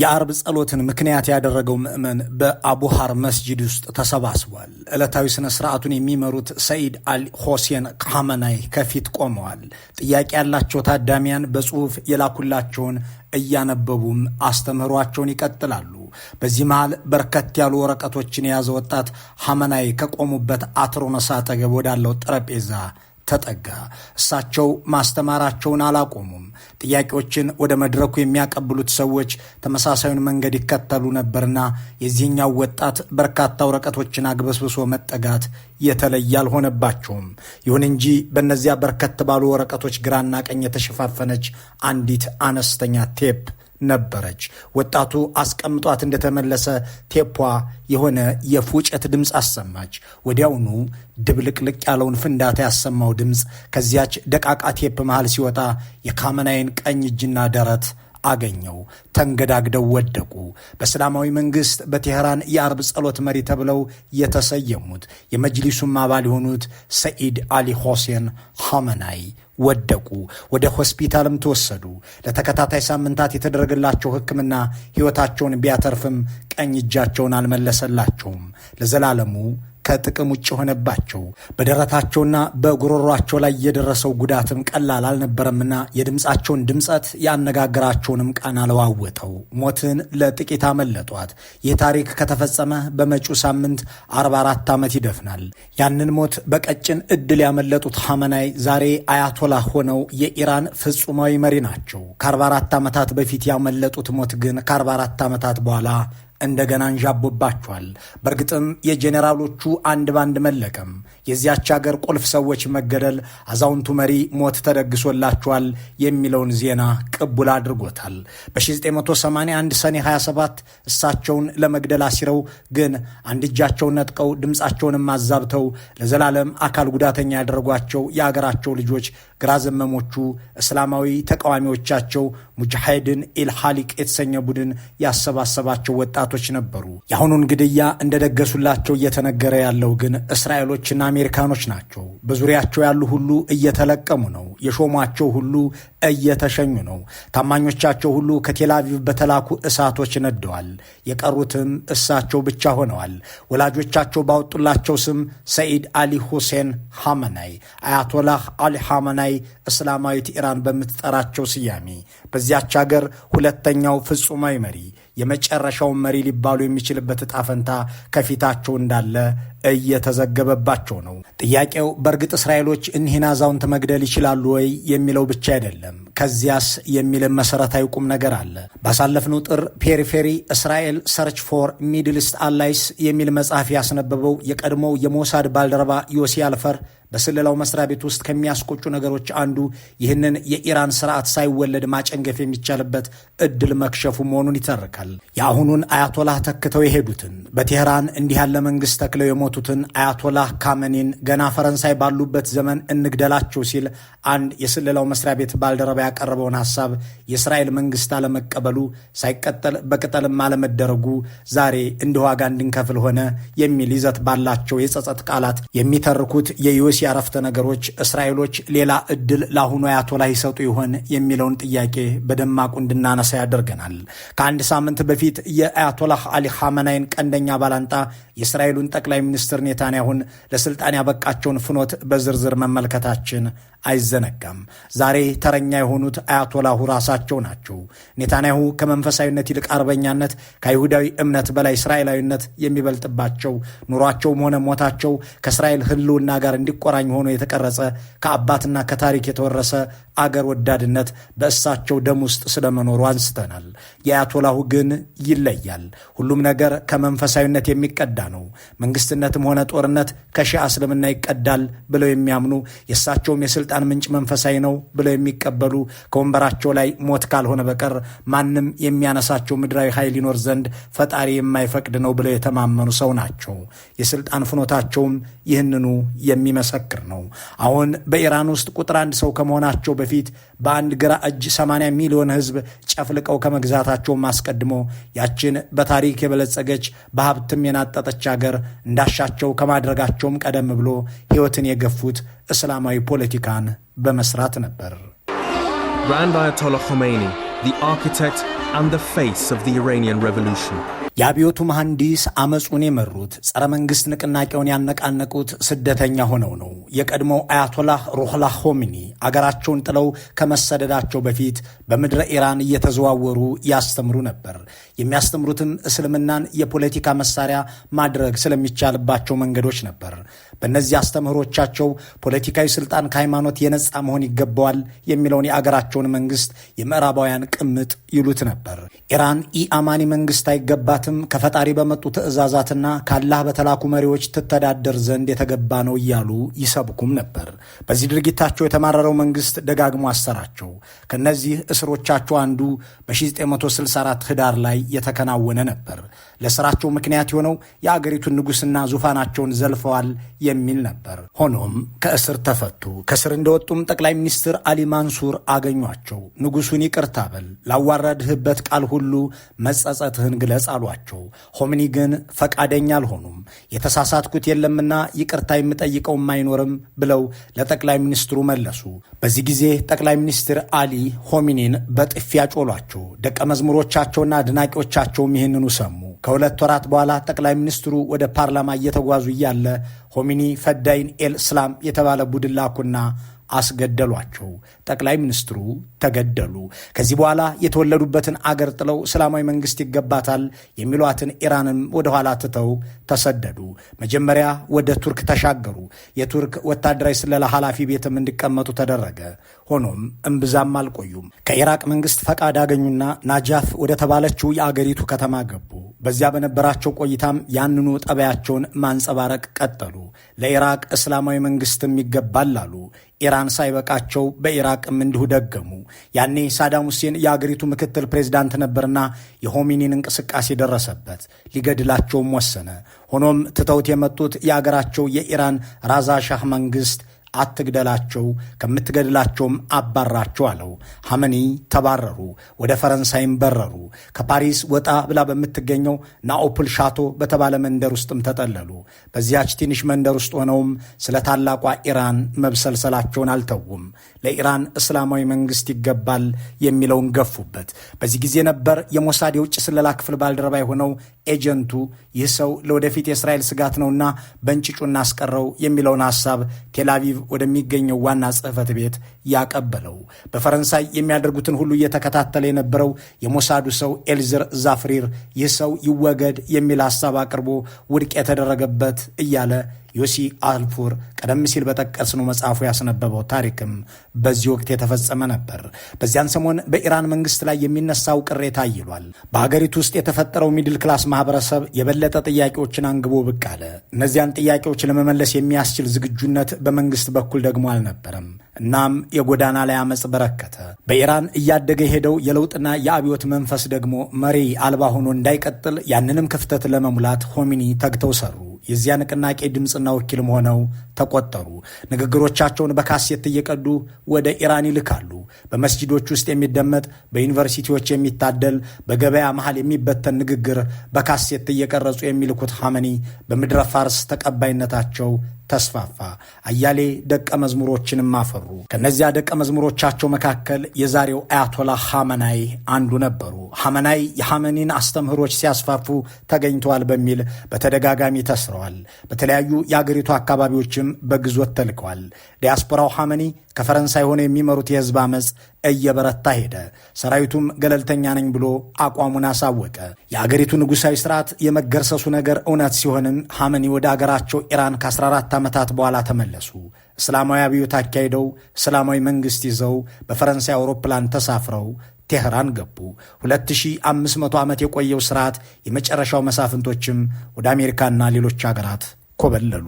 የአርብ ጸሎትን ምክንያት ያደረገው ምዕመን በአቡሃር መስጂድ ውስጥ ተሰባስቧል። ዕለታዊ ስነ ስርዓቱን የሚመሩት ሰኢድ አል ሆሴን ካመናይ ከፊት ቆመዋል። ጥያቄ ያላቸው ታዳሚያን በጽሁፍ የላኩላቸውን እያነበቡም አስተምህሯቸውን ይቀጥላሉ። በዚህ መሃል በርከት ያሉ ወረቀቶችን የያዘ ወጣት ሐመናይ ከቆሙበት አትሮነስ አጠገብ ወዳለው ጠረጴዛ ተጠጋ። እሳቸው ማስተማራቸውን አላቆሙም። ጥያቄዎችን ወደ መድረኩ የሚያቀብሉት ሰዎች ተመሳሳዩን መንገድ ይከተሉ ነበርና የዚህኛው ወጣት በርካታ ወረቀቶችን አግበስብሶ መጠጋት የተለየ አልሆነባቸውም። ይሁን እንጂ በእነዚያ በርከት ባሉ ወረቀቶች ግራና ቀኝ የተሸፋፈነች አንዲት አነስተኛ ቴፕ ነበረች። ወጣቱ አስቀምጧት እንደተመለሰ ቴፖ የሆነ የፉጨት ድምፅ አሰማች። ወዲያውኑ ድብልቅልቅ ያለውን ፍንዳታ ያሰማው ድምፅ ከዚያች ደቃቃ ቴፕ መሃል ሲወጣ የካመናይን ቀኝ እጅና ደረት አገኘው። ተንገዳግደው ወደቁ። በእስላማዊ መንግስት በቴህራን የአርብ ጸሎት መሪ ተብለው የተሰየሙት የመጅሊሱም አባል የሆኑት ሰኢድ አሊ ሆሴን ሐመናይ ወደቁ። ወደ ሆስፒታልም ተወሰዱ። ለተከታታይ ሳምንታት የተደረገላቸው ሕክምና ሕይወታቸውን ቢያተርፍም ቀኝ እጃቸውን አልመለሰላቸውም። ለዘላለሙ ከጥቅም ውጭ ሆነባቸው። በደረታቸውና በጉሮሯቸው ላይ የደረሰው ጉዳትም ቀላል አልነበረምና የድምፃቸውን ድምፀት ያነጋገራቸውንም ቃና ለዋወጠው። ሞትን ለጥቂት አመለጧት። ይህ ታሪክ ከተፈጸመ በመጪው ሳምንት 44 ዓመት ይደፍናል። ያንን ሞት በቀጭን እድል ያመለጡት ሐመናይ ዛሬ አያቶላ ሆነው የኢራን ፍጹማዊ መሪ ናቸው። ከ44 ዓመታት በፊት ያመለጡት ሞት ግን ከ44 ዓመታት በኋላ እንደገና እንዣቦባቸዋል። በእርግጥም የጄኔራሎቹ አንድ ባንድ መለቀም፣ የዚያች አገር ቁልፍ ሰዎች መገደል፣ አዛውንቱ መሪ ሞት ተደግሶላቸዋል የሚለውን ዜና ቅቡል አድርጎታል። በ1981 ሰኔ 27 እሳቸውን ለመግደል አሲረው ግን አንድ እጃቸውን ነጥቀው ድምፃቸውንም አዛብተው ለዘላለም አካል ጉዳተኛ ያደረጓቸው የአገራቸው ልጆች ግራ ዘመሞቹ እስላማዊ ተቃዋሚዎቻቸው ሙጃሂድን ኢልሃሊቅ የተሰኘ ቡድን ያሰባሰባቸው ወጣት ጥቃቶች ነበሩ። የአሁኑን ግድያ እንደደገሱላቸው እየተነገረ ያለው ግን እስራኤሎችና አሜሪካኖች ናቸው። በዙሪያቸው ያሉ ሁሉ እየተለቀሙ ነው። የሾሟቸው ሁሉ እየተሸኙ ነው። ታማኞቻቸው ሁሉ ከቴላቪቭ በተላኩ እሳቶች ነደዋል። የቀሩትም እሳቸው ብቻ ሆነዋል። ወላጆቻቸው ባወጡላቸው ስም ሰኢድ አሊ ሁሴን ሐመናይ፣ አያቶላህ አሊ ሐመናይ እስላማዊት ኢራን በምትጠራቸው ስያሜ በዚያች አገር ሁለተኛው ፍጹማዊ መሪ የመጨረሻውን መሪ ሊባሉ የሚችልበት ዕጣ ፈንታ ከፊታቸው እንዳለ እየተዘገበባቸው ነው። ጥያቄው በእርግጥ እስራኤሎች እኒህን አዛውንት መግደል ይችላሉ ወይ የሚለው ብቻ አይደለም። ከዚያስ የሚልም መሰረታዊ ቁም ነገር አለ። ባሳለፍነው ጥር ፔሪፌሪ እስራኤል ሰርች ፎር ሚድልስት አላይስ የሚል መጽሐፍ ያስነበበው የቀድሞው የሞሳድ ባልደረባ ዮሲ አልፈር በስለላው መስሪያ ቤት ውስጥ ከሚያስቆጩ ነገሮች አንዱ ይህንን የኢራን ስርዓት ሳይወለድ ማጨንገፍ የሚቻልበት እድል መክሸፉ መሆኑን ይተርካል። የአሁኑን አያቶላህ ተክተው የሄዱትን በቴህራን እንዲህ ያለ መንግስት ተክለው የሞቱትን አያቶላህ ካመኒን ገና ፈረንሳይ ባሉበት ዘመን እንግደላቸው ሲል አንድ የስለላው መስሪያ ቤት ባልደረባ ያቀረበውን ሀሳብ የእስራኤል መንግስት አለመቀበሉ ሳይቀጠል በቅጠልም አለመደረጉ ዛሬ እንደ ዋጋ እንድንከፍል ሆነ የሚል ይዘት ባላቸው የጸጸት ቃላት የሚተርኩት የዩስ የሩሲያ አረፍተ ነገሮች እስራኤሎች ሌላ እድል ለአሁኑ አያቶላ ይሰጡ ይሆን የሚለውን ጥያቄ በደማቁ እንድናነሳ ያደርገናል። ከአንድ ሳምንት በፊት የአያቶላህ አሊ ሐመናይን ቀንደኛ ባላንጣ የእስራኤሉን ጠቅላይ ሚኒስትር ኔታንያሁን ለስልጣን ያበቃቸውን ፍኖት በዝርዝር መመልከታችን አይዘነጋም። ዛሬ ተረኛ የሆኑት አያቶላሁ ራሳቸው ናቸው። ኔታንያሁ ከመንፈሳዊነት ይልቅ አርበኛነት፣ ከይሁዳዊ እምነት በላይ እስራኤላዊነት የሚበልጥባቸው ኑሯቸውም ሆነ ሞታቸው ከእስራኤል ሕልውና ጋር እንዲቆ ቆራኝ ሆኖ የተቀረጸ ከአባትና ከታሪክ የተወረሰ አገር ወዳድነት በእሳቸው ደም ውስጥ ስለመኖሩ አንስተናል። የአያቶላሁ ግን ይለያል። ሁሉም ነገር ከመንፈሳዊነት የሚቀዳ ነው። መንግስትነትም ሆነ ጦርነት ከሺዓ እስልምና ይቀዳል ብለው የሚያምኑ የእሳቸውም የስልጣን ምንጭ መንፈሳዊ ነው ብለው የሚቀበሉ ከወንበራቸው ላይ ሞት ካልሆነ በቀር ማንም የሚያነሳቸው ምድራዊ ኃይል ይኖር ዘንድ ፈጣሪ የማይፈቅድ ነው ብለው የተማመኑ ሰው ናቸው። የስልጣን ፍኖታቸውም ይህንኑ የሚመሰ ምስክር ነው። አሁን በኢራን ውስጥ ቁጥር አንድ ሰው ከመሆናቸው በፊት በአንድ ግራ እጅ 80 ሚሊዮን ህዝብ ጨፍልቀው ከመግዛታቸውም አስቀድሞ ያችን በታሪክ የበለጸገች በሀብትም የናጠጠች ሀገር እንዳሻቸው ከማድረጋቸውም ቀደም ብሎ ህይወትን የገፉት እስላማዊ ፖለቲካን በመስራት ነበር። Grand አያቶላ ኮሜኒ the architect and the face of የአብዮቱ መሐንዲስ አመፁን የመሩት ጸረ መንግስት ንቅናቄውን ያነቃነቁት ስደተኛ ሆነው ነው። የቀድሞው አያቶላህ ሩህላ ሆሚኒ አገራቸውን ጥለው ከመሰደዳቸው በፊት በምድረ ኢራን እየተዘዋወሩ ያስተምሩ ነበር። የሚያስተምሩትም እስልምናን የፖለቲካ መሳሪያ ማድረግ ስለሚቻልባቸው መንገዶች ነበር። በእነዚህ አስተምህሮቻቸው ፖለቲካዊ ስልጣን ከሃይማኖት የነፃ መሆን ይገባዋል የሚለውን የአገራቸውን መንግስት የምዕራባውያን ቅምጥ ይሉት ነበር። ኢራን ኢአማኒ መንግስት አይገባ። ምክንያትም ከፈጣሪ በመጡ ትእዛዛትና ካላህ በተላኩ መሪዎች ትተዳደር ዘንድ የተገባ ነው እያሉ ይሰብኩም ነበር። በዚህ ድርጊታቸው የተማረረው መንግስት ደጋግሞ አሰራቸው። ከነዚህ እስሮቻቸው አንዱ በ1964 ህዳር ላይ የተከናወነ ነበር። ለስራቸው ምክንያት የሆነው የአገሪቱን ንጉሥና ዙፋናቸውን ዘልፈዋል የሚል ነበር። ሆኖም ከእስር ተፈቱ። ከእስር እንደወጡም ጠቅላይ ሚኒስትር አሊ ማንሱር አገኟቸው። ንጉሡን ይቅርታ በል፣ ላዋረድህበት ቃል ሁሉ መጸጸትህን ግለጽ አሏቸው። ሆምኒ ግን ፈቃደኛ አልሆኑም። የተሳሳትኩት የለምና ይቅርታ የምጠይቀውም አይኖርም ብለው ለጠቅላይ ሚኒስትሩ መለሱ። በዚህ ጊዜ ጠቅላይ ሚኒስትር አሊ ሆሚኒን በጥፊያ ጮሏቸው። ደቀ መዝሙሮቻቸውና አድናቂዎቻቸውም ይህንኑ ሰሙ። ከሁለት ወራት በኋላ ጠቅላይ ሚኒስትሩ ወደ ፓርላማ እየተጓዙ እያለ ሆሚኒ ፈዳይን ኤል ስላም የተባለ ቡድን ላኩና አስገደሏቸው። ጠቅላይ ሚኒስትሩ ተገደሉ። ከዚህ በኋላ የተወለዱበትን አገር ጥለው እስላማዊ መንግስት ይገባታል የሚሏትን ኢራንም ወደኋላ ትተው ተሰደዱ። መጀመሪያ ወደ ቱርክ ተሻገሩ። የቱርክ ወታደራዊ ስለላ ኃላፊ ቤትም እንዲቀመጡ ተደረገ። ሆኖም እምብዛም አልቆዩም። ከኢራቅ መንግስት ፈቃድ አገኙና ናጃፍ ወደ ተባለችው የአገሪቱ ከተማ ገቡ። በዚያ በነበራቸው ቆይታም ያንኑ ጠባያቸውን ማንጸባረቅ ቀጠሉ። ለኢራቅ እስላማዊ መንግስትም ይገባል አሉ። ኢራን ሳይበቃቸው በኢራቅም እንዲሁ ደገሙ። ያኔ ሳዳም ሁሴን የአገሪቱ ምክትል ፕሬዚዳንት ነበርና የሆሚኒን እንቅስቃሴ ደረሰበት፣ ሊገድላቸውም ወሰነ። ሆኖም ትተውት የመጡት የአገራቸው የኢራን ራዛ ሻህ መንግስት አትግደላቸው፣ ከምትገድላቸውም አባራቸው አለው። ሐመኒ ተባረሩ፣ ወደ ፈረንሳይም በረሩ። ከፓሪስ ወጣ ብላ በምትገኘው ናኦፕል ሻቶ በተባለ መንደር ውስጥም ተጠለሉ። በዚያች ትንሽ መንደር ውስጥ ሆነውም ስለ ታላቋ ኢራን መብሰልሰላቸውን አልተውም። ለኢራን እስላማዊ መንግስት ይገባል የሚለውን ገፉበት። በዚህ ጊዜ ነበር የሞሳድ የውጭ ስለላ ክፍል ባልደረባ የሆነው ኤጀንቱ ይህ ሰው ለወደፊት የእስራኤል ስጋት ነውና በእንጭጩ እናስቀረው የሚለውን ሐሳብ ቴላቪቭ ወደሚገኘው ዋና ጽህፈት ቤት ያቀበለው። በፈረንሳይ የሚያደርጉትን ሁሉ እየተከታተለ የነበረው የሞሳዱ ሰው ኤልዝር ዛፍሪር ይህ ሰው ይወገድ የሚል ሐሳብ አቅርቦ ውድቅ የተደረገበት እያለ ዮሲ አልፉር ቀደም ሲል በጠቀስነው መጽሐፉ ያስነበበው ታሪክም በዚህ ወቅት የተፈጸመ ነበር። በዚያን ሰሞን በኢራን መንግስት ላይ የሚነሳው ቅሬታ ይሏል። በሀገሪቱ ውስጥ የተፈጠረው ሚድል ክላስ ማህበረሰብ የበለጠ ጥያቄዎችን አንግቦ ብቅ አለ። እነዚያን ጥያቄዎች ለመመለስ የሚያስችል ዝግጁነት በመንግስት በኩል ደግሞ አልነበረም። እናም የጎዳና ላይ አመፅ በረከተ። በኢራን እያደገ የሄደው የለውጥና የአብዮት መንፈስ ደግሞ መሪ አልባ ሆኖ እንዳይቀጥል ያንንም ክፍተት ለመሙላት ሆሚኒ ተግተው ሰሩ። የዚያ ንቅናቄ ድምፅና ወኪልም ሆነው ተቆጠሩ። ንግግሮቻቸውን በካሴት እየቀዱ ወደ ኢራን ይልካሉ። በመስጂዶች ውስጥ የሚደመጥ በዩኒቨርሲቲዎች የሚታደል በገበያ መሃል የሚበተን ንግግር በካሴት እየቀረጹ የሚልኩት ሐመኒ በምድረ ፋርስ ተቀባይነታቸው ተስፋፋ። አያሌ ደቀ መዝሙሮችንም አፈሩ። ከነዚያ ደቀ መዝሙሮቻቸው መካከል የዛሬው አያቶላ ሐመናይ አንዱ ነበሩ። ሐመናይ የሐመኒን አስተምህሮች ሲያስፋፉ ተገኝተዋል በሚል በተደጋጋሚ ተስረዋል። በተለያዩ የአገሪቱ አካባቢዎችም በግዞት ተልከዋል። ዲያስፖራው ሐመኒ ከፈረንሳይ ሆነ የሚመሩት የህዝብ አመፅ እየበረታ ሄደ። ሰራዊቱም ገለልተኛ ነኝ ብሎ አቋሙን አሳወቀ። የአገሪቱ ንጉሳዊ ስርዓት የመገርሰሱ ነገር እውነት ሲሆንም ሐመኒ ወደ አገራቸው ኢራን ከ14 ዓመታት በኋላ ተመለሱ። እስላማዊ አብዮት አካሂደው እስላማዊ መንግሥት ይዘው በፈረንሳይ አውሮፕላን ተሳፍረው ቴህራን ገቡ። 2500 ዓመት የቆየው ሥርዓት የመጨረሻው መሳፍንቶችም ወደ አሜሪካና ሌሎች አገራት ኮበለሉ።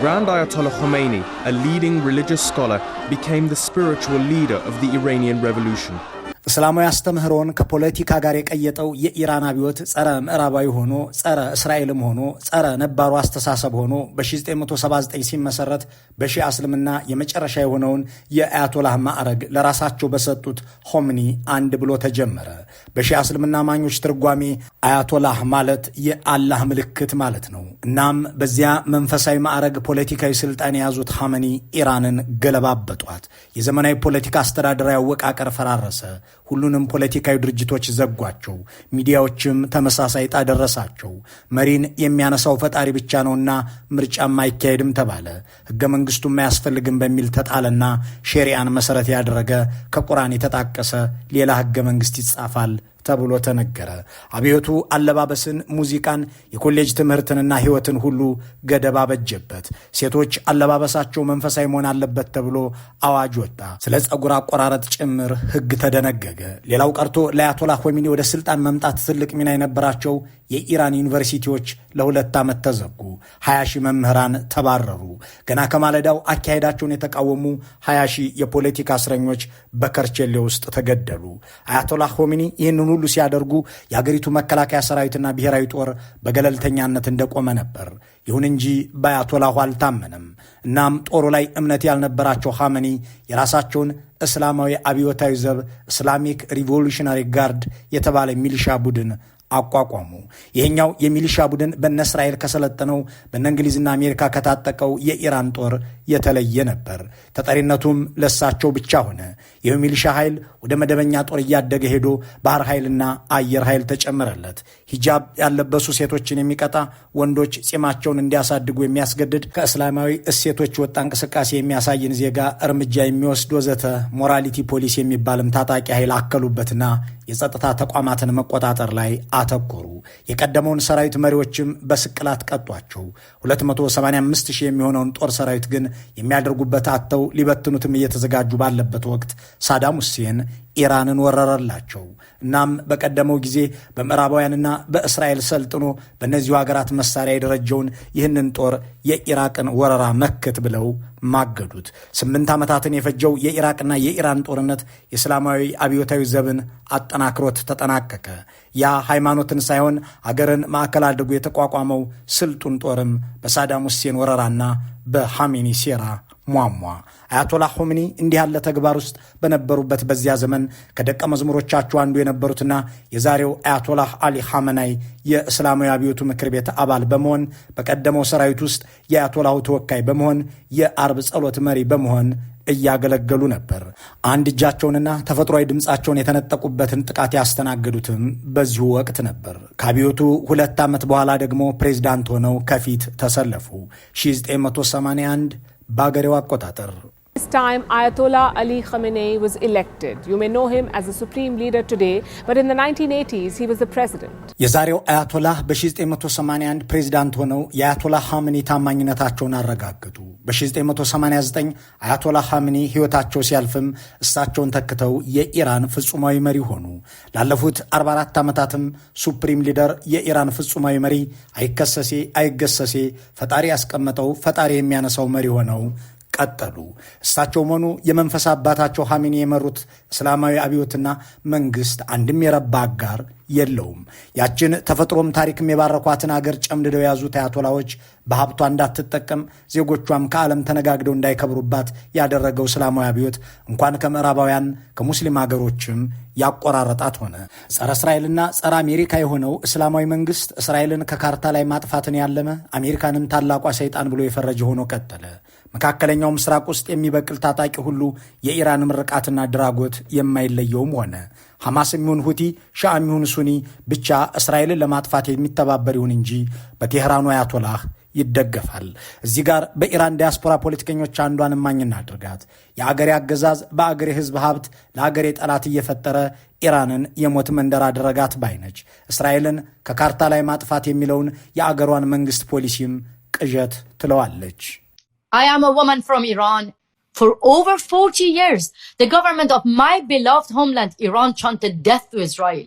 ግራንድ አያቶላ Khomeini, a ሪሊጅስ ስኮላር scholar, became ሊደር ኦፍ ኢራኒያን of እስላማዊ አስተምህሮን ከፖለቲካ ጋር የቀየጠው የኢራን አብዮት ጸረ ምዕራባዊ ሆኖ ጸረ እስራኤልም ሆኖ ጸረ ነባሩ አስተሳሰብ ሆኖ በ1979 ሲመሰረት በሺያ እስልምና የመጨረሻ የሆነውን የአያቶላህ ማዕረግ ለራሳቸው በሰጡት ሆምኒ አንድ ብሎ ተጀመረ። በሺያ እስልምና ማኞች ትርጓሜ አያቶላህ ማለት የአላህ ምልክት ማለት ነው። እናም በዚያ መንፈሳዊ ማዕረግ ፖለቲካዊ ስልጣን የያዙት ሐመኒ ኢራንን ገለባበጧት። የዘመናዊ ፖለቲካ አስተዳደራዊ አወቃቀር ፈራረሰ። ሁሉንም ፖለቲካዊ ድርጅቶች ዘጓቸው። ሚዲያዎችም ተመሳሳይ ዕጣ ደረሳቸው። መሪን የሚያነሳው ፈጣሪ ብቻ ነውና ምርጫም አይካሄድም ተባለ። ህገ መንግስቱም አያስፈልግም በሚል ተጣለና ሼሪያን መሰረት ያደረገ ከቁርአን የተጣቀሰ ሌላ ህገ መንግስት ይጻፋል ተብሎ ተነገረ። አብዮቱ አለባበስን፣ ሙዚቃን፣ የኮሌጅ ትምህርትንና ሕይወትን ሁሉ ገደብ አበጀበት። ሴቶች አለባበሳቸው መንፈሳዊ መሆን አለበት ተብሎ አዋጅ ወጣ። ስለ ጸጉር አቆራረጥ ጭምር ሕግ ተደነገገ። ሌላው ቀርቶ ለአያቶላ ሆሚኒ ወደ ስልጣን መምጣት ትልቅ ሚና የነበራቸው የኢራን ዩኒቨርሲቲዎች ለሁለት ዓመት ተዘጉ። 20 ሺህ መምህራን ተባረሩ። ገና ከማለዳው አካሄዳቸውን የተቃወሙ 20 ሺህ የፖለቲካ እስረኞች በከርቼሌ ውስጥ ተገደሉ። አያቶላ ሆሚኒ ይህንን ሁሉ ሲያደርጉ የአገሪቱ መከላከያ ሰራዊትና ብሔራዊ ጦር በገለልተኛነት እንደቆመ ነበር። ይሁን እንጂ በአያቶላሁ አልታመንም። እናም ጦሩ ላይ እምነት ያልነበራቸው ሐመኒ የራሳቸውን እስላማዊ አብዮታዊ ዘብ እስላሚክ ሪቮሉሽናሪ ጋርድ የተባለ ሚሊሻ ቡድን አቋቋሙ። ይሄኛው የሚሊሻ ቡድን በነ እስራኤል ከሰለጠነው በነ እንግሊዝና አሜሪካ ከታጠቀው የኢራን ጦር የተለየ ነበር። ተጠሪነቱም ለሳቸው ብቻ ሆነ። ይህ ሚሊሻ ኃይል ወደ መደበኛ ጦር እያደገ ሄዶ ባህር ኃይልና አየር ኃይል ተጨመረለት። ሂጃብ ያለበሱ ሴቶችን የሚቀጣ ወንዶች ጺማቸውን እንዲያሳድጉ የሚያስገድድ ከእስላማዊ እሴቶች ወጣ እንቅስቃሴ የሚያሳይን ዜጋ እርምጃ የሚወስድ ወዘተ ሞራሊቲ ፖሊስ የሚባልም ታጣቂ ኃይል አከሉበትና የጸጥታ ተቋማትን መቆጣጠር ላይ አተኮሩ። የቀደመውን ሰራዊት መሪዎችም በስቅላት ቀጧቸው። 285 ሺህ የሚሆነውን ጦር ሰራዊት ግን የሚያደርጉበት አጥተው ሊበትኑትም እየተዘጋጁ ባለበት ወቅት ሳዳም ሁሴን ኢራንን ወረረላቸው። እናም በቀደመው ጊዜ በምዕራባውያንና በእስራኤል ሰልጥኖ በእነዚሁ ሀገራት መሳሪያ የደረጀውን ይህንን ጦር የኢራቅን ወረራ መክት ብለው ማገዱት። ስምንት ዓመታትን የፈጀው የኢራቅና የኢራን ጦርነት የእስላማዊ አብዮታዊ ዘብን አጠናክሮት ተጠናቀቀ። ያ ሃይማኖትን ሳይሆን አገርን ማዕከል አድርጎ የተቋቋመው ስልጡን ጦርም በሳዳም ሁሴን ወረራና በሐሜኒ ሴራ ሟሟ። አያቶላ ሆምኒ እንዲህ ያለ ተግባር ውስጥ በነበሩበት በዚያ ዘመን ከደቀ መዝሙሮቻቸው አንዱ የነበሩትና የዛሬው አያቶላህ አሊ ሐመናይ የእስላማዊ አብዮቱ ምክር ቤት አባል በመሆን በቀደመው ሰራዊት ውስጥ የአያቶላሁ ተወካይ በመሆን የአርብ ጸሎት መሪ በመሆን እያገለገሉ ነበር። አንድ እጃቸውንና ተፈጥሯዊ ድምፃቸውን የተነጠቁበትን ጥቃት ያስተናገዱትም በዚሁ ወቅት ነበር። ከአብዮቱ ሁለት ዓመት በኋላ ደግሞ ፕሬዝዳንት ሆነው ከፊት ተሰለፉ። 1981 በአገሬው አቆጣጠር This time, Ayatollah Ali Khamenei was elected. You may know him as the supreme leader today, but in the 1980s, he was the president. የዛሬው አያቶላህ በ1981 ፕሬዚዳንት ሆነው የአያቶላህ ሐመኒ ታማኝነታቸውን አረጋግጡ። በ1989 አያቶላ ሐምኒ ሕይወታቸው ሲያልፍም እሳቸውን ተክተው የኢራን ፍጹማዊ መሪ ሆኑ። ላለፉት 44 ዓመታትም ሱፕሪም ሊደር፣ የኢራን ፍጹማዊ መሪ፣ አይከሰሴ አይገሰሴ፣ ፈጣሪ ያስቀመጠው ፈጣሪ የሚያነሳው መሪ ሆነው ቀጠሉ። እሳቸውም ሆኑ የመንፈስ አባታቸው ሐሜኒ የመሩት እስላማዊ አብዮትና መንግስት አንድም የረባ አጋር የለውም። ያችን ተፈጥሮም ታሪክም የባረኳትን አገር ጨምድደው የያዙት አያቶላዎች በሀብቷ እንዳትጠቀም ዜጎቿም ከዓለም ተነጋግደው እንዳይከብሩባት ያደረገው እስላማዊ አብዮት እንኳን ከምዕራባውያን ከሙስሊም አገሮችም ያቆራረጣት ሆነ። ጸረ እስራኤልና ጸረ አሜሪካ የሆነው እስላማዊ መንግስት እስራኤልን ከካርታ ላይ ማጥፋትን ያለመ አሜሪካንም ታላቋ ሰይጣን ብሎ የፈረጀ ሆኖ ቀጠለ። መካከለኛው ምስራቅ ውስጥ የሚበቅል ታጣቂ ሁሉ የኢራን ምርቃትና ድራጎት የማይለየውም ሆነ። ሐማስ የሚሆን ሁቲ፣ ሻአ የሚሆን ሱኒ፣ ብቻ እስራኤልን ለማጥፋት የሚተባበር ይሁን እንጂ በቴህራኑ አያቶላህ ይደገፋል። እዚህ ጋር በኢራን ዲያስፖራ ፖለቲከኞች አንዷን እማኝ እናድርጋት። የአገሬ አገዛዝ በአገሬ ህዝብ ሀብት ለአገሬ ጠላት እየፈጠረ ኢራንን የሞት መንደር አደረጋት ባይነች። እስራኤልን ከካርታ ላይ ማጥፋት የሚለውን የአገሯን መንግስት ፖሊሲም ቅዠት ትለዋለች። I am a woman from Iran. For over 40 years, the government of my beloved homeland, Iran, chanted death to Israel.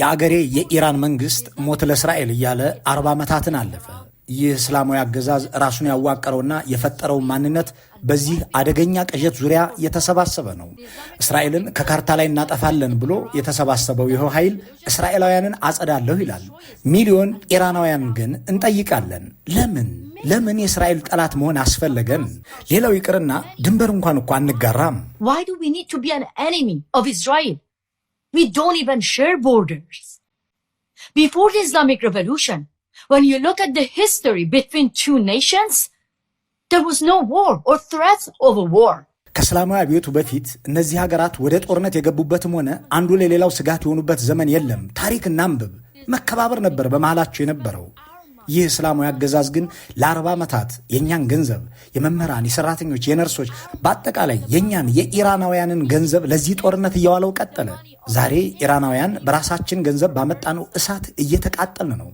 የአገሬ የኢራን መንግስት ሞት ለእስራኤል እያለ አርባ ዓመታትን አለፈ። ይህ እስላማዊ አገዛዝ ራሱን ያዋቀረውና የፈጠረው ማንነት በዚህ አደገኛ ቅዠት ዙሪያ የተሰባሰበ ነው። እስራኤልን ከካርታ ላይ እናጠፋለን ብሎ የተሰባሰበው ይኸው ኃይል እስራኤላውያንን አጸዳለሁ ይላል። ሚሊዮን ኢራናውያን ግን እንጠይቃለን፣ ለምን ለምን የእስራኤል ጠላት መሆን አስፈለገን? ሌላው ይቅርና ድንበር እንኳን እኮ አንጋራም። ቢፎር ኢስላሚክ ሬቮሉሽን when you look at the history between two nations, there was no war or threat of a war. ከሰላማዊ አብዮቱ በፊት እነዚህ ሀገራት ወደ ጦርነት የገቡበትም ሆነ አንዱ ለሌላው ስጋት የሆኑበት ዘመን የለም። ታሪክ እናንብብ። መከባበር ነበር በመሃላቸው የነበረው። ይህ እስላማዊ አገዛዝ ግን ለአርባ ዓመታት የእኛን ገንዘብ የመምህራን፣ የሰራተኞች፣ የነርሶች በአጠቃላይ የእኛን የኢራናውያንን ገንዘብ ለዚህ ጦርነት እያዋለው ቀጠለ። ዛሬ ኢራናውያን በራሳችን ገንዘብ ባመጣነው እሳት እየተቃጠልን ነው።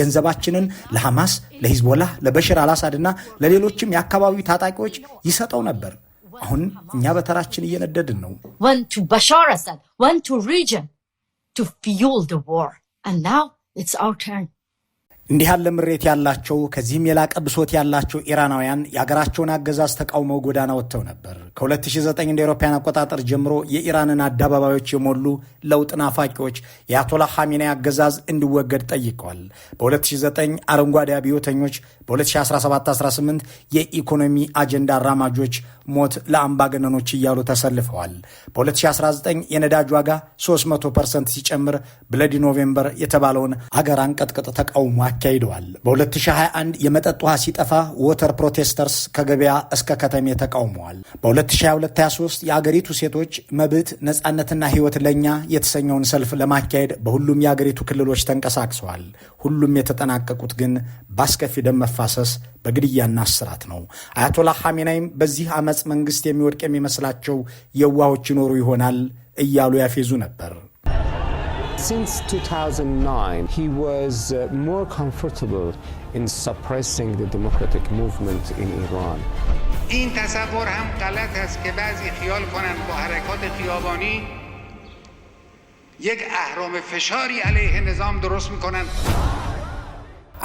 ገንዘባችንን ለሐማስ፣ ለሂዝቦላ፣ ለበሽር አልአሳድና ለሌሎችም የአካባቢው ታጣቂዎች ይሰጠው ነበር። አሁን እኛ በተራችን እየነደድን ነው። ባሻር አሳድ ሪጅን ፊውል ዋር ናው ኢትስ አወር ተርን እንዲህ ያለ ምሬት ያላቸው ከዚህም የላቀ ብሶት ያላቸው ኢራናውያን የአገራቸውን አገዛዝ ተቃውመው ጎዳና ወጥተው ነበር። ከ2009 እንደ አውሮፓውያን አቆጣጠር ጀምሮ የኢራንን አደባባዮች የሞሉ ለውጥ ናፋቂዎች የአያቶላ ሐሚና አገዛዝ እንዲወገድ ጠይቀዋል። በ2009 አረንጓዴ አብዮተኞች፣ በ201718 የኢኮኖሚ አጀንዳ አራማጆች ሞት ለአምባገነኖች እያሉ ተሰልፈዋል። በ2019 የነዳጅ ዋጋ 300 ፐርሰንት ሲጨምር ብለዲ ኖቬምበር የተባለውን አገር አንቀጥቅጥ ተቃውሟል አካሂደዋል። በ2021 የመጠጥ ውሃ ሲጠፋ ወተር ፕሮቴስተርስ ከገበያ እስከ ከተሜ ተቃውመዋል። በ2022/23 የአገሪቱ ሴቶች መብት ነፃነትና ህይወት ለእኛ የተሰኘውን ሰልፍ ለማካሄድ በሁሉም የአገሪቱ ክልሎች ተንቀሳቅሰዋል። ሁሉም የተጠናቀቁት ግን በአስከፊ ደም መፋሰስ በግድያና እስራት ነው። አያቶላ ሐሜናይም በዚህ አመፅ መንግስት የሚወድቅ የሚመስላቸው የዋሆች ይኖሩ ይሆናል እያሉ ያፌዙ ነበር። Since 2009, he was uh, more comfortable in suppressing the democratic movement in Iran. این تصور هم غلط است که بعضی خیال کنند با حرکات خیابانی یک اهرام فشاری علیه نظام درست میکنند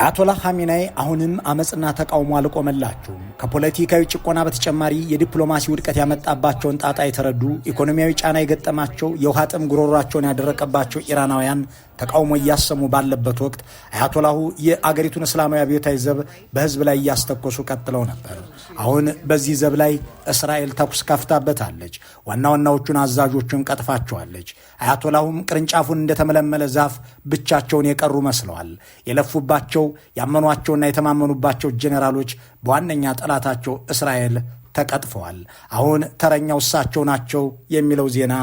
አያቶላህ ሐሚናይ አሁንም አመፅና ተቃውሞ አልቆመላቸውም። ከፖለቲካዊ ጭቆና በተጨማሪ የዲፕሎማሲ ውድቀት ያመጣባቸውን ጣጣ የተረዱ ኢኮኖሚያዊ ጫና የገጠማቸው የውሃ ጥም ጉሮሯቸውን ያደረቀባቸው ኢራናውያን ተቃውሞ እያሰሙ ባለበት ወቅት አያቶላሁ የአገሪቱን እስላማዊ አብዮታዊ ዘብ በህዝብ ላይ እያስተኮሱ ቀጥለው ነበር። አሁን በዚህ ዘብ ላይ እስራኤል ተኩስ ከፍታበታለች። ዋና ዋናዎቹን አዛዦቹን ቀጥፋቸዋለች። አያቶላሁም ቅርንጫፉን እንደተመለመለ ዛፍ ብቻቸውን የቀሩ መስለዋል። የለፉባቸው ያመኗቸውና የተማመኑባቸው ጄኔራሎች በዋነኛ ጠላታቸው እስራኤል ተቀጥፈዋል። አሁን ተረኛው እሳቸው ናቸው የሚለው ዜና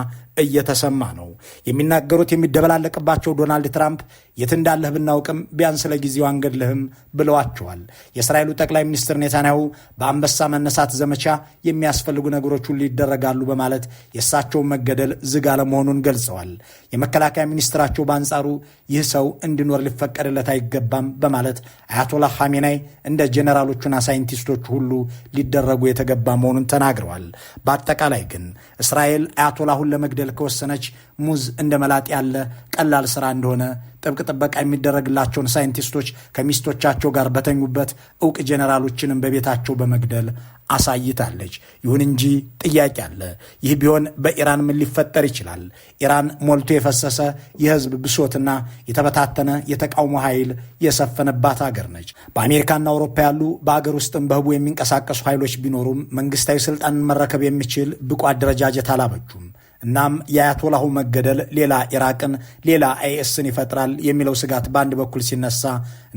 እየተሰማ ነው። የሚናገሩት የሚደበላለቅባቸው ዶናልድ ትራምፕ የት እንዳለህ ብናውቅም ቢያንስ ለጊዜው አንገድልህም ብለዋቸዋል። የእስራኤሉ ጠቅላይ ሚኒስትር ኔታንያሁ በአንበሳ መነሳት ዘመቻ የሚያስፈልጉ ነገሮች ሁሉ ይደረጋሉ በማለት የእሳቸውን መገደል ዝግ አለመሆኑን ገልጸዋል። የመከላከያ ሚኒስትራቸው በአንጻሩ ይህ ሰው እንዲኖር ሊፈቀድለት አይገባም በማለት አያቶላህ ሐሜናይ እንደ ጄኔራሎቹና ሳይንቲስቶቹ ሁሉ ሊደረጉ የተገባ መሆኑን ተናግረዋል። በአጠቃላይ ግን እስራኤል አያቶላሁን ለመግደል ለመግደል ከወሰነች ሙዝ እንደ መላጥ ያለ ቀላል ስራ እንደሆነ ጥብቅ ጥበቃ የሚደረግላቸውን ሳይንቲስቶች ከሚስቶቻቸው ጋር በተኙበት እውቅ ጄኔራሎችንም በቤታቸው በመግደል አሳይታለች። ይሁን እንጂ ጥያቄ አለ። ይህ ቢሆን በኢራን ምን ሊፈጠር ይችላል? ኢራን ሞልቶ የፈሰሰ የህዝብ ብሶትና የተበታተነ የተቃውሞ ኃይል የሰፈነባት አገር ነች። በአሜሪካና አውሮፓ ያሉ በአገር ውስጥም በህቡ የሚንቀሳቀሱ ኃይሎች ቢኖሩም መንግስታዊ ስልጣንን መረከብ የሚችል ብቁ አደረጃጀት አላበጁም። እናም የአያቶላሁ መገደል ሌላ ኢራቅን፣ ሌላ አይኤስን ይፈጥራል የሚለው ስጋት በአንድ በኩል ሲነሳ፣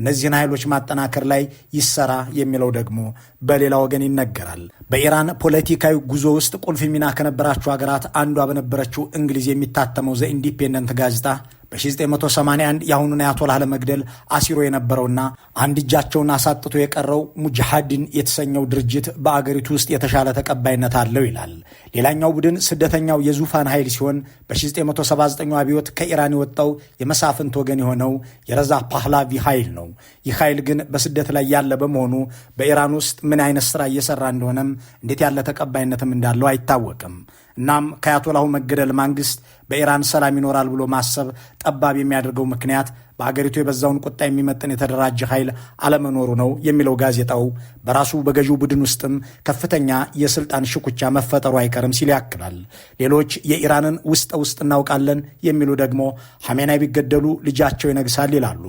እነዚህን ኃይሎች ማጠናከር ላይ ይሰራ የሚለው ደግሞ በሌላ ወገን ይነገራል። በኢራን ፖለቲካዊ ጉዞ ውስጥ ቁልፍ ሚና ከነበራቸው ሀገራት አንዷ በነበረችው እንግሊዝ የሚታተመው ዘኢንዲፔንደንት ጋዜጣ በ1981 የአሁኑን አያቶላ ለመግደል አሲሮ የነበረውና አንድ እጃቸውን አሳጥቶ የቀረው ሙጃሃዲን የተሰኘው ድርጅት በአገሪቱ ውስጥ የተሻለ ተቀባይነት አለው ይላል። ሌላኛው ቡድን ስደተኛው የዙፋን ኃይል ሲሆን በ1979 አብዮት ከኢራን የወጣው የመሳፍንት ወገን የሆነው የረዛ ፓህላቪ ኃይል ነው። ይህ ኃይል ግን በስደት ላይ ያለ በመሆኑ በኢራን ውስጥ ምን አይነት ስራ እየሰራ እንደሆነም እንዴት ያለ ተቀባይነትም እንዳለው አይታወቅም። እናም ከአያቶላሁ መገደል ማንግስት በኢራን ሰላም ይኖራል ብሎ ማሰብ ጠባብ የሚያደርገው ምክንያት በአገሪቱ የበዛውን ቁጣ የሚመጥን የተደራጀ ኃይል አለመኖሩ ነው የሚለው ጋዜጣው በራሱ በገዢው ቡድን ውስጥም ከፍተኛ የስልጣን ሽኩቻ መፈጠሩ አይቀርም ሲል ያክላል። ሌሎች የኢራንን ውስጠ ውስጥ እናውቃለን የሚሉ ደግሞ ሐሜናይ ቢገደሉ ልጃቸው ይነግሳል ይላሉ።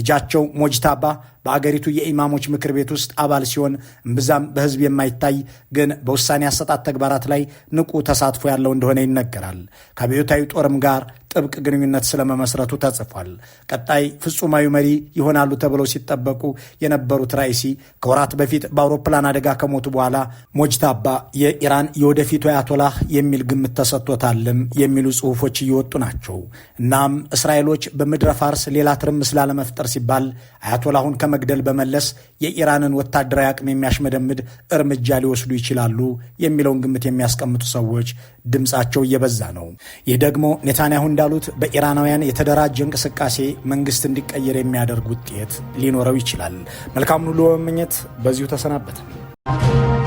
ልጃቸው ሞጅታባ በአገሪቱ የኢማሞች ምክር ቤት ውስጥ አባል ሲሆን እምብዛም በህዝብ የማይታይ ግን በውሳኔ አሰጣት ተግባራት ላይ ንቁ ተሳትፎ ያለው እንደሆነ ይነገራል። ከአብዮታዊ ከአሜሪካዊ ጦርም ጋር ጥብቅ ግንኙነት ስለመመስረቱ ተጽፏል። ቀጣይ ፍጹማዊ መሪ ይሆናሉ ተብለው ሲጠበቁ የነበሩት ራይሲ ከወራት በፊት በአውሮፕላን አደጋ ከሞቱ በኋላ ሞጅታባ የኢራን የወደፊቱ አያቶላህ የሚል ግምት ተሰጥቶታልም የሚሉ ጽሑፎች እየወጡ ናቸው። እናም እስራኤሎች በምድረ ፋርስ ሌላ ትርምስ ላለመፍጠር ሲባል አያቶላሁን ከመግደል በመለስ የኢራንን ወታደራዊ አቅም የሚያሽመደምድ እርምጃ ሊወስዱ ይችላሉ የሚለውን ግምት የሚያስቀምጡ ሰዎች ድምፃቸው እየበዛ ነው። ይህ ደግሞ ኔታንያሁ እንዳሉት በኢራናውያን የተደራጀ እንቅስቃሴ መንግስት እንዲቀየር የሚያደርግ ውጤት ሊኖረው ይችላል። መልካሙን ሁሉ በመመኘት በዚሁ ተሰናበተ።